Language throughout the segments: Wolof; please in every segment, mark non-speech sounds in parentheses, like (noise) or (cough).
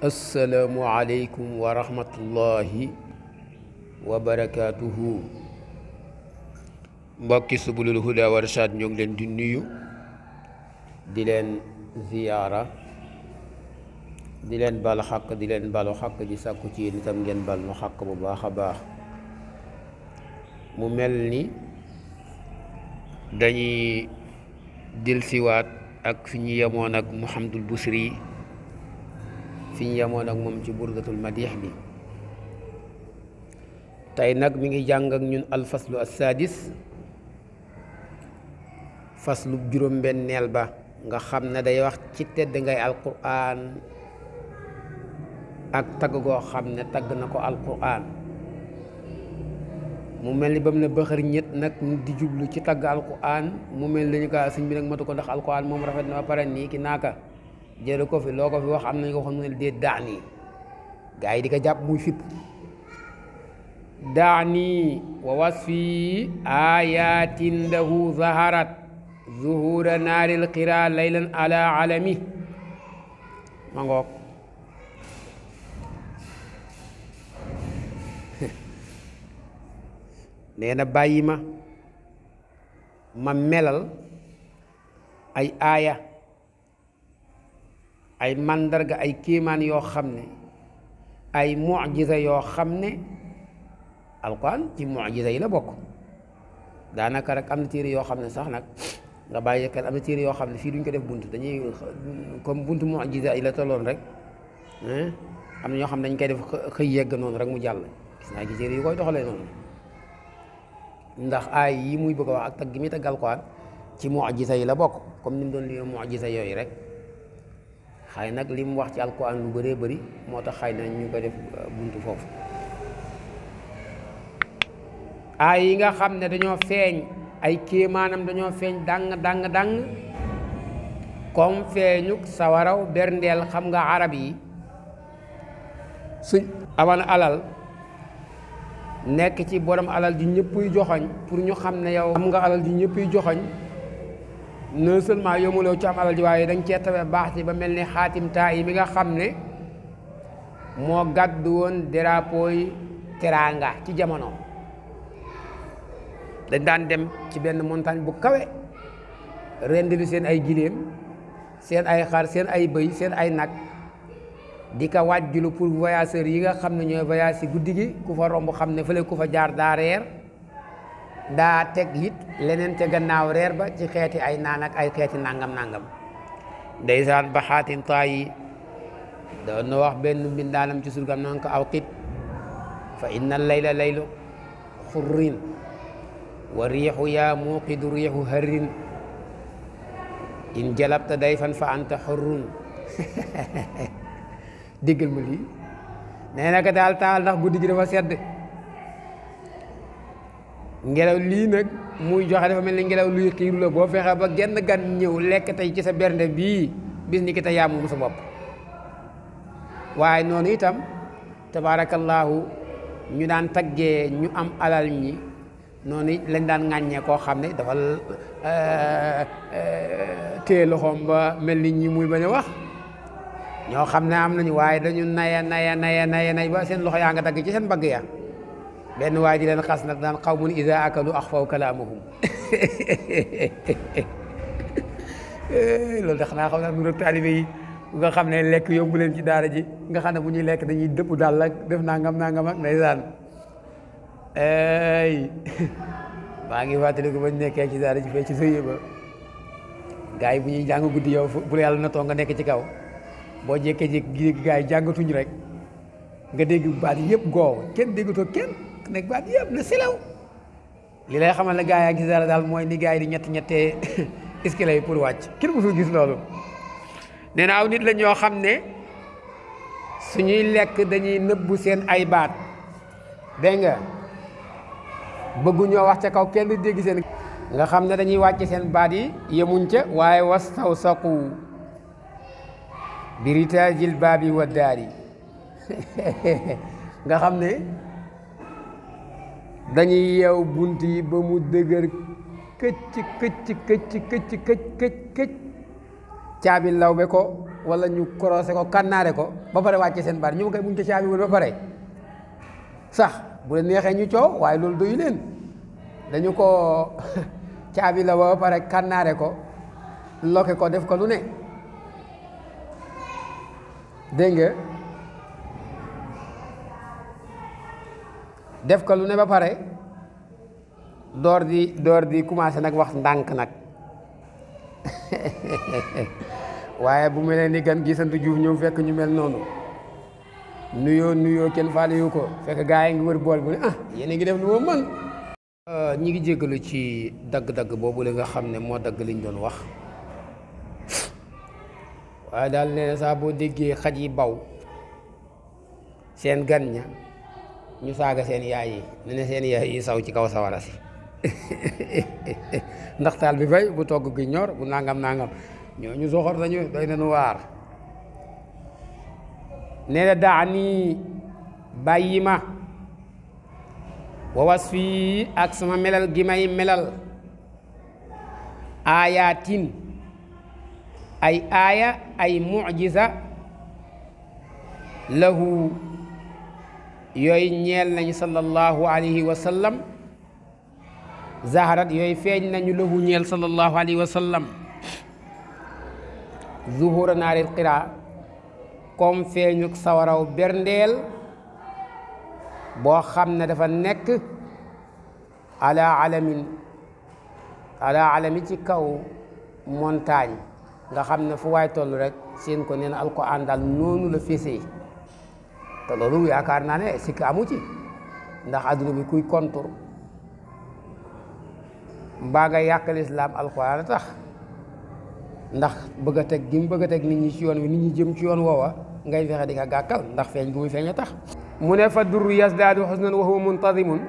asalaamualeykum wa rahmatullahi wa barakaatuhu mbokki subulul huda wa rashad ñoo ngi leen di nuyu di leen ziyaara di leen balu xaq di leen balu xaq di sàkku ci yéen itam ngeen bal nu xaq bu baax a baax mu mel ni dañuy delsiwaat ak fi ñu yemoon ak Muhammadul Busri fi ñu ak moom ci burdatul madix bi tey nag mi ngi jàng ak ñun alfaslu assaadis faslu juróom-benneel ba nga xam ne day wax ci tedd ngay alquran ak tagg goo xam ne tagg na ko alquran mu mel ni ba mu ne bëxër ñett nag di jublu ci tagg alquran mu mel ni ñu kaa sëñ bi nag matu ko ndax alquran moom rafet na ba pare nii ki naaka jële ko fi loo ko fi wax am nañu ko xam ne dee daani gaa di ko jàpp muy fipp daani wa wasfi ayatin lahu zaharat zuhura naaril qira laylan ala alami ma (laughs) melal ay aaya ay màndarga ay kéemaan yoo xam ne ay mucjisa yoo xam ne alquran ci mucjisa yi la bokk daanaka rek am na yoo xam ne sax nag nga bàyyi am na téere yoo xam ne fii duñ ko def bunt dañuy comme buntu mucjisa yi la tolloon rek am ñoo xam ne koy def xëy yegg noonu rek mu jàll gis naa ci téere yu koy doxalee noonu ndax aay yi muy bëgg a wax ak tag gi muy tagg alquran ci mucjisa yi la bokk comme ni mu doon li mucjisa yooyu rek xay nag li mu wax ci alquran lu bëree bari moo tax xay na ñu ko def euh, buntu foofu aay yi nga xam ne dañoo feeñ ay kéemaanam dañoo feeñ dang dang dàng kom feeñuk sawaraw berndeel xam nga arab yi suñ aman alal nekk ci borom alal ji ñëppuy joxoñ pour ñu xam ne yow xam nga alal ji ñëppuy joxoñ non seulement yomuloo ci am alal ji waaye dañ cee tabe baax si ba mel ni xaatim taa yi mi nga xam ne moo gàdd woon drapeau teraanga ci jamono dañ daan dem ci benn montagne bu kawe rendi lu seen ay giléem seen ay xar seen ay bëy seen ay nag di ko wàjjulu pour voyageurs yi nga xam ne ñooy voyage si guddi gi ku fa romb xam ne fële ku fa jaar daa reer daa teg it leneen ca gannaaw reer ba ci xeeti ay naan ay xeeti nangam nangam ndeysaan ba xaatin taa yi doon na wax benn mbindaanam ci surgam noonu ko aw qit fa inna layla laylu xurrin wa riixu yaa muuqidu riixu harrin in jalabta dayfan fa anta xurrun (laughs) diggal ma lii nee na ko daal taal ndax guddi gi dafa sedd ngelaw lii nag muy joxe dafa mel ni ngelaw luy xiir boo fexe ba genn gan ñëw lekk tey ci sa bernde bii bis ni ki te yaa moom sa bopp waaye noonu itam tabaarakallaahu ñu daan taggee ñu am alal ñi noonu lañ daan ŋàññee koo xam ne dafa euh, euh, téye loxoom ba mel ni ñi muy bañ a wax ñoo xam ne am nañu waaye dañu naya naya naya naya nay ba seen loxo yaa nga dagg ci seen bagg ya benn waa ji leen xas nag daan xawmun iza akalu axfaw kalaamahum loolu de xanaa xam naa xaw nuru taalibe yi nga xam ne lekk yóbbu leen ci daara ji nga xam ne bu ñuy lekk dañuy dëpp daal ak def nangam nangam ak saan ay maa ngi fàttaliku ba ñu nekkee ci daara ji fee ci sëyee ba gars yi bu ñuy jàng guddi yow bu la yàlla natoo nga nekk ci kaw boo jekkee jékki gars yi jàngatuñ rek nga dégg baat yëpp goow kenn déggatoo kenn nekk baat yëpp na silaw li lay xamal ne gaa yaa gis dara daal mooy ni gaa yi di ñetti ñettee (laughs) escalier yi pour wàcc kenn musul gis loolu nee na aw nit la ñoo xam ne suñuy lekk dañuy nëbbu seen ay baat dégg nga bëgguñoo wax ca kaw kenn du dégg seen nga xam ne dañuy wàcc seen baat yi yemuñ ca waaye wastaw saqu biritajil baabi wa daari (laughs) nga xam ne dañuy yeew bunt yi ba mu dëgër këcc këcc këcc këcc këcc këcc këcc caabi lawbe ko wala ñu korosé ko kànnaare ko ba pare wàcce seen baat ñoom kay buñ ko caabi wul ba pare sax bu leen neexee ñu coow waaye loolu doyu leen dañu ko (laughs) caabi la ba pare kànnaare ko loke ko def ko lu ne dégg nga def ko lu ne ba pare door di door di commencé nag wax ndànk nag (laughs) waaye bu mel ni gan gi sant Juuf ñëw fekk ñu mel noonu nuyoo nuyoo kenn faale yu ko fekk gaa yi ngi wër bool bu ne ah yéen a ngi def lu ma mën euh, ñi ngi jéggalu ci dagg-dagg boobu la nga xam ne moo dagg lañu doon wax waaye daal nee saa boo déggee xaj yi baw seen gan ña ñu saaga seen yaay yi ne seen yaay yi saw ci kaw sawara si (laughs) bi bay bu togg gi ñor bu nangam nangam ñooñu soxor nañu doy nañu waar nee na daa nii bàyyi ma wa was fii ak sama melal gi may melal aayaatin ay aaya ay mucjisa lahu yooyu ñeel nañu sallallahu alayhi wa sallam zaharat yooyu feeñ nañu lahu ñeel sallallahu alayhi wa sallam zuhura naaril qiraa comme feeñuk sawaraw berndeel boo xam ne dafa nekk ala alamin ala alami ci kaw montagne nga xam ne fu waay toll rek seen ko neen alquran daal noonu la fésee te yaakaar naa ne sikk amu ci ndax adduna bi kuy kontur mbaa nga yàq lislaam alxuraan a tax ndax bëgg a teg gim mu bëgg a teg nit ñi ci yoon wi ni ñi jëm ci yoon woowa ngay a di nga gàkkal ndax feeñ gu muy feeñ a tax mu ne fa durru yasdaadu xusnan wa huwa muntazimun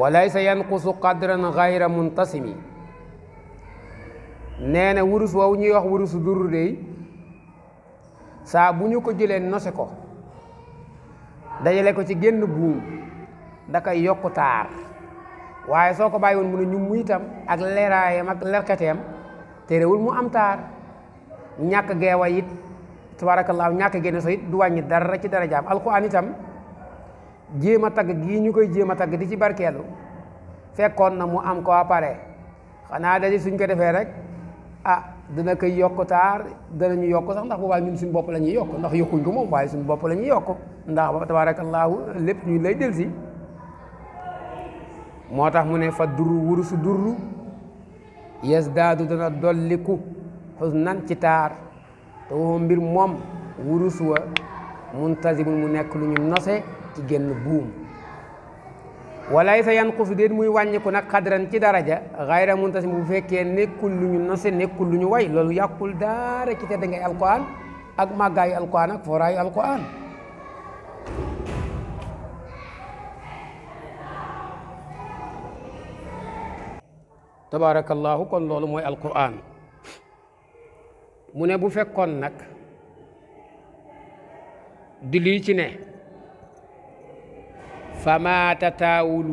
wa laysa yanqusu qadran gayra muntasimi nee na wurus woowu ñuy wax wurusu durru dey saa bu ñu ko jëlee nose ko dajale ko ci génn buum da koy yokku taar waaye soo ko bàyyi woon mu ne ñu mu itam ak leeraayam ak lerkateem terewul mu am taar ñàkk geewa it tabaarakallaahu ñàkk génne so it du wàññi dara ci dara jaam alquran itam jéem a tagg gi ñu koy jéem a tagg di ci barkeelu fekkoon na mu am ko pare xanaa da suñ ko defee rek ah, dana koy yokk taar dana ñu yokk sax ndax boobaa ñun suñu bopp la ñuy yokk ndax yokkuñ ko moom waaye suñu bopp la ñuy yokk ndax ba tabaarakallaahu lépp ñu lay del si moo tax mu ne fa durru wurusu durru yasdaadu dana dolliku nan ci taar te woo mbir moom wurus wa muntazimun mu nekk lu ñu nose ci genn buum walaay sa yan xuuf déet muy wàññiku nag xadran ci daraja xayra muntasim bu fekkee nekkul lu nose nekkul lu ñu way loolu yàqul daara ci tedd ngay alquran ak màggaayu alquran ak fooraayu alquran tabaarakallaahu kon loolu mooy alquran mu ne bu fekkoon nag di ci ne فما تتاول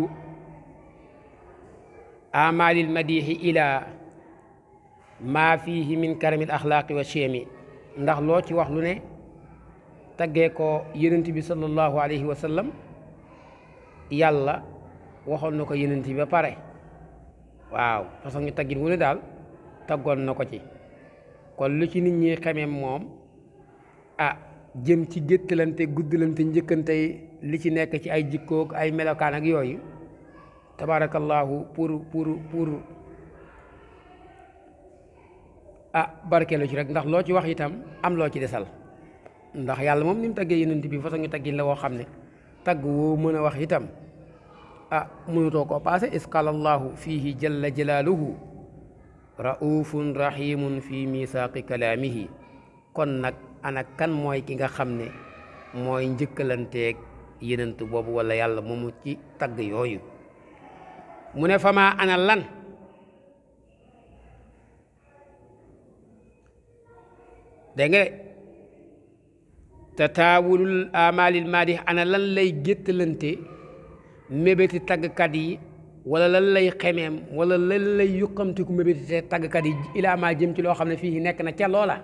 أعمال المديح إلى ما فيه من كرم الأخلاق والشيم ndax loo ci wax lu ne taggee ko yonent bi sallallahu alayhi wa sallam yàlla waxoon na ko yonent bi ba pare waaw parce que taggin wu ne daal taggoon na ko ci kon lu ci nit ñi xamee moom ah jëm ci géttalante guddalante njëkkante li ci nekk ci ay jikkook ay melokaan ak yooyu tabaarakallaahu pour pour pour ah barkeelu ci rek ndax loo ci wax itam am loo ci desal ndax yàlla moom ni mu taggee yonent bi façon ñu taggin la woo xam ne tagg woo mën a wax itam ah mënutoo koo paase isqalallaahu fiihi jalla jalaaluhu raufun rahimun fi misaaqi kalaamihi kon nag ana kan mooy ki nga xam ne mooy njëkkalanteeg yenentu boobu walla yàlla moomu ci tagg yooyu mu ne famaa ana lan dégg nga tataawulul amalil di ana lan lay géttalante mébéti taggkat yi wala lan lay xemeem wala lan lay yuqamtiku mébéti taggkat yi ilaa maa jëm ci loo xam ne fii nekk na ca loola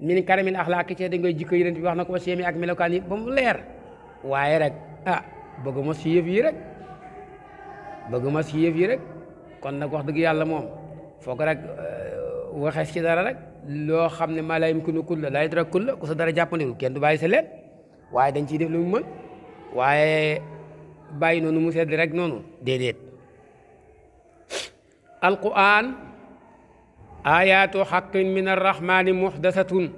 min karamil axlaaqi ci da ngay jikko yenent wax na ko ba ak melokaan yi ba mu leer waaye rek ah bëgguma si yëf yi rek bëgguma si yëf yi rek kon nag wax dëgg yàlla moom foog rek euh, waxees ci dara rek loo xam ne maa la yumkinu kulla laa yudrak kulla ku sa dara jàppandiwul kenn du bàyyi waaye dañ ciy def lu mu waaye bàyyi noonu mu sedd rek noonu déedéet alquran ayaatu xaqin min arrahmani muhdasatun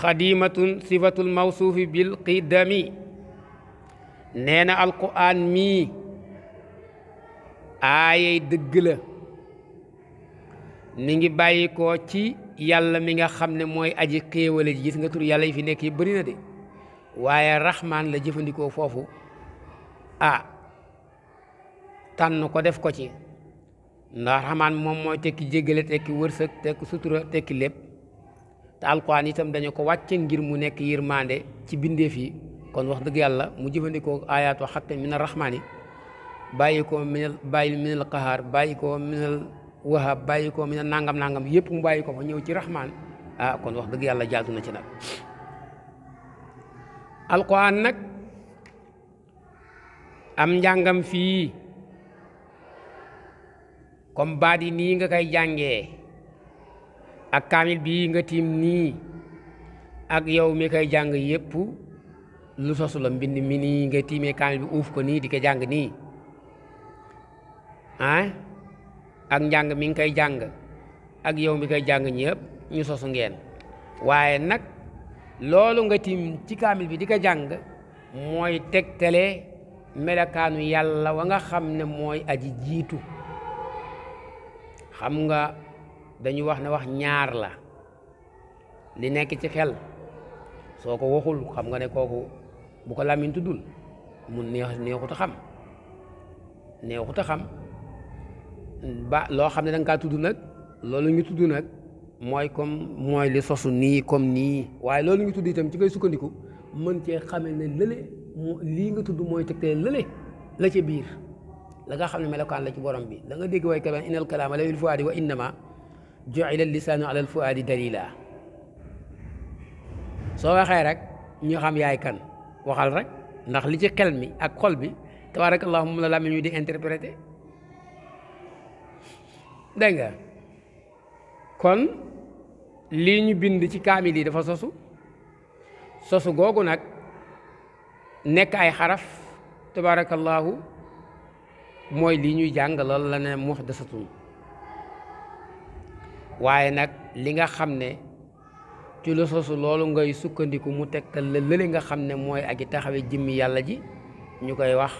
xadimatun sifatul mawsuufi bil qidami nee na alquran mii aayey dëgg la mi ngi bàyyi ko ci yàlla mi nga xam ne mooy aji xéewale ji gis nga tur yàlla yi fi nekk yi bëri na de waaye raxmaan la jëfandikoo foofu ah tànn ko def ko ci ndax raxmaan moom mooy tekki jéggale tekki wërsëg tekki sutura tekki lépp te alquran itam dañu ko wàcce ngir mu nekk yërmande ci bindeef yi kon wax dëgg yàlla mu jëfandikoo aayaatu xaqin min arrahmaani bàyyi ko minal bàyyi minal qahaar bàyyi ko minal wahab nangam nangam yëpp mu bàyyi ko fa ñëw ci rahmaan ah kon wax dëgg yàlla jaadu na ci nag alquran nag am njàngam fii comme baat yi nii nga koy jànge ak kaamil bii nga tiim nii ak yow mi kay jàng yépp lu sosu mbind mi nii nga tiimee kaamil bi uuf ko nii di ko jàng nii ah ak njàng mi ngi koy jàng ak yow mi koy jàng ñépp ñu sosu ngeen waaye nag loolu nga tiim ci kaamil bi di ko jàng mooy tegtale melakaanu yàlla wa nga xam ne mooy aji jiitu xam nga dañu wax ne wax ñaar la li nekk ci xel soo ko waxul xam nga ne kooku bu ko làmmiñ tuddul mu neex neexut a xam neexut a xam ba loo xam ne da kaa tudd nag loolu ñu tudd nag mooy comme mooy li sosu nii comme nii waaye loolu ñu tudd itam ci ngay sukkandiku mën cee xamee ne lële nga tudd mooy tegtee lële la ci biir la nga xam ne melokaan la ci borom bi da nga dégg way kaban inal kalaama lawil fuaadi wa innama juila lisaanu alal fuaadi dalila soo waxee rek ñu xam yaay kan waxal rek ndax li ci xel mi ak xol bi tabaarakallaahu moom la làmmiñ wi di interprété dégg nga kon lii ñu bind ci kaamil yi dafa sosu sosu googu nag nekk ay xaraf tabaarakallaahu mooy lii ñuy jàng loolu la ne muxdasatun waaye nag li nga xam ne ci lu sosu loolu ngay sukkandiku mu tegtal la lële nga xam ne mooy ak i taxawe jëmmi yàlla ji ñu koy wax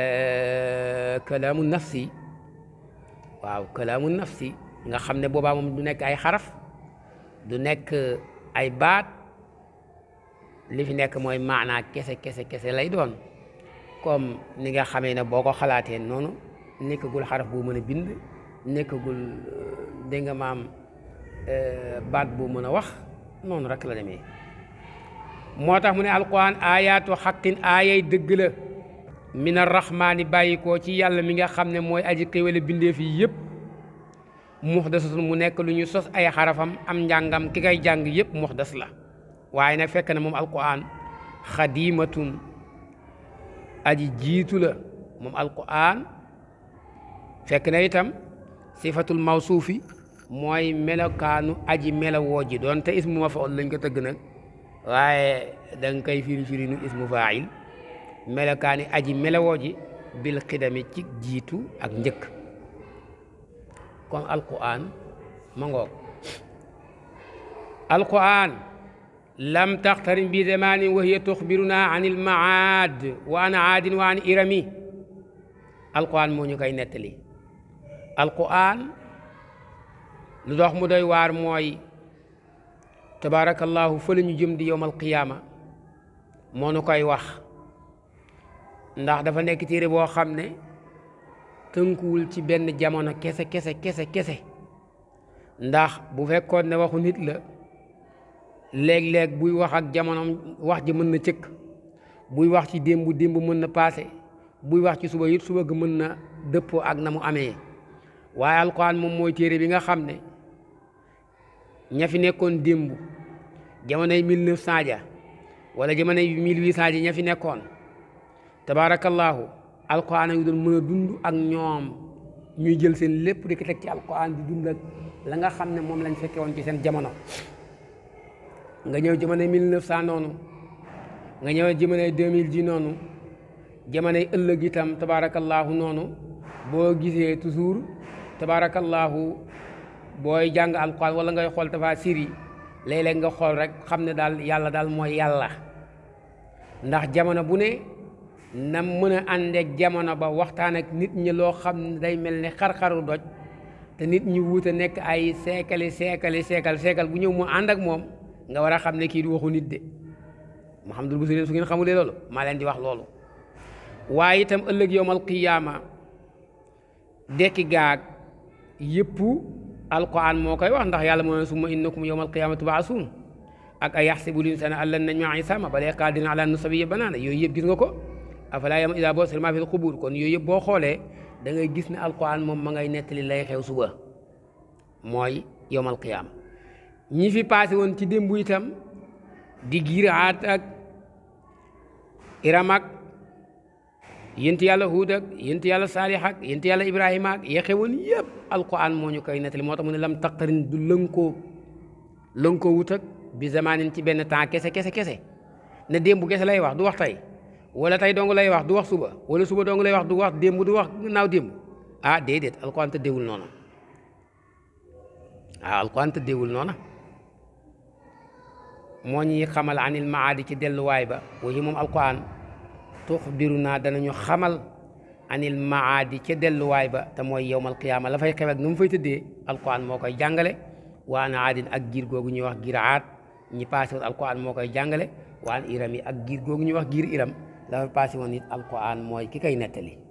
euh, kalaamu nafsi waaw kalaamu nafsi nga xam ne boobaa moom du nekk ay xaraf du nekk ay baat li fi nekk mooy maanaa kese kese kese lay doon kom ni nga xamee ne boo ko xalaatee noonu nekkagul xaraf boo mën a bind nekkagul euh, dégg nga maam euh, baat boo mën a wax noonu rek la demee moo tax mu ne alquran aayaatu xaqin aayay dëgg la mina raxmaani bàyyi ko ci yàlla mi nga xam ne mooy aji xéwale bindeef yi yëpp muxdasatun mu nekk lu ñu sos ay xarafam am njàngam ki kay jàng yëpp des la waaye nag fekk na moom alquran xadimatun aji jiitu la moom alquran fekk na itam sifatul mawsuufi mooy melokaanu aji melowoo ji doon te ismu mafaul lañ ko tëgg nag waaye da nga firi firi nu ismu fail melokaani aji melowoo ji bil xidami ci jiitu ak njëkk kon alquran ma ngoog alquran lam taxtarin bi zamaanin wa hiya tuxbiruna an ilmaad wa an aadin wa an irami alquran moo ñu koy nettali lu dox mu doy waar mooy tabaarakallaahu fa la ñu jëm di yowmal qiyaama moo nu koy wax ndax dafa nekk téere boo xam ne tënkuwul ci benn jamono kese kese kese kese ndax bu fekkoon ne waxu nit la léeg-léeg buy wax ak jamonom wax ji mën na cëkk buy wax ci démb démb mën na paase buy wax ci suba it suba gi mën na dëppoo ak na mu amee waaye alquran moom mooy téere bi nga xam ne ña fi nekkoon démb jamonoy mille neuf cent ja wala jamonoy mille huit cent ja ña fi nekkoon tabaarakallaahu alquran yu doon mën a dund ak ñoom ñuy jël seen lépp di ko teg ci alquran di dund ak la nga xam ne moom lañ fekke woon ci seen jamono nga ñëw jamonoy mille neuf cent noonu nga ñëw jamonoy deux mille ji noonu jamonoy ëllëg itam tabaarakallaahu noonu boo gisee toujours tabaarakallaahu booy jàng alquran wala ngay xool tafaasir yi léeg-léeg nga xool rek xam ne daal yàlla daal mooy yàlla ndax jamono bu ne na mën a àndeek jamono ba waxtaan ak nit ñi loo xam ne day mel ni xar-xaru doj te nit ñi wuute nekk ay seekali seekali seekal seekal bu ñëw mu ànd ak moom nga war a xam ne kii di waxu nit de bu Busiri su ngeen xamulee loolu maa leen di wax loolu waaye itam ëllëg yowmal qiyaama dekki gaag yëpp alquran moo koy wax ndax yàlla moo ne summa innakum yawmal qiyaamati tubaasuun ak ay yaxsibu l-insaanu allan najma'a isaama balaa qaadirin alaa an nusawwiya banaana yooyu yëpp gis nga ko afalaa ya'lamu izaa bu'thira maa fil qubuur kon yooyu yëpp boo xoolee da ngay gis ne alquran moom ma ngay nettali lay xew suba mooy yawmal qiyaama ñi fi passé woon ci démb itam di Giraat ak Iram ak yént yàlla huud ak yént yàlla saalix ak yént yàlla ibrahima ak ya xewoon yépp alquran moo ñu koy nettali moo tam mu ne lam taqtarin du lënkoo lënkoo wut ak bi zamanin ci benn temps kese kese kese ne démb kese lay wax du wax tey wala tey dong lay wax du wax suba wala suba dong lay wax du wax démb du wax naaw démb ah déedéet alquran te déewul noona ah alquran te déewul noona moo ñuy xamal anil maadi ci delluwaay ba wayi moom alquran tuxbiruna danañu xamal anil maadi ca delluwaay ba te mooy yowmal qiyaama la fay xew ak nu mu fay tëddee alquran moo koy jàngale waa waan aadin ak giir googu ñuy wax giir aad ñi passé woon alquran moo koy jàngale waan iram yi ak giir googu ñuy wax giir iram la fa passé woon it alquran mooy ki koy nettali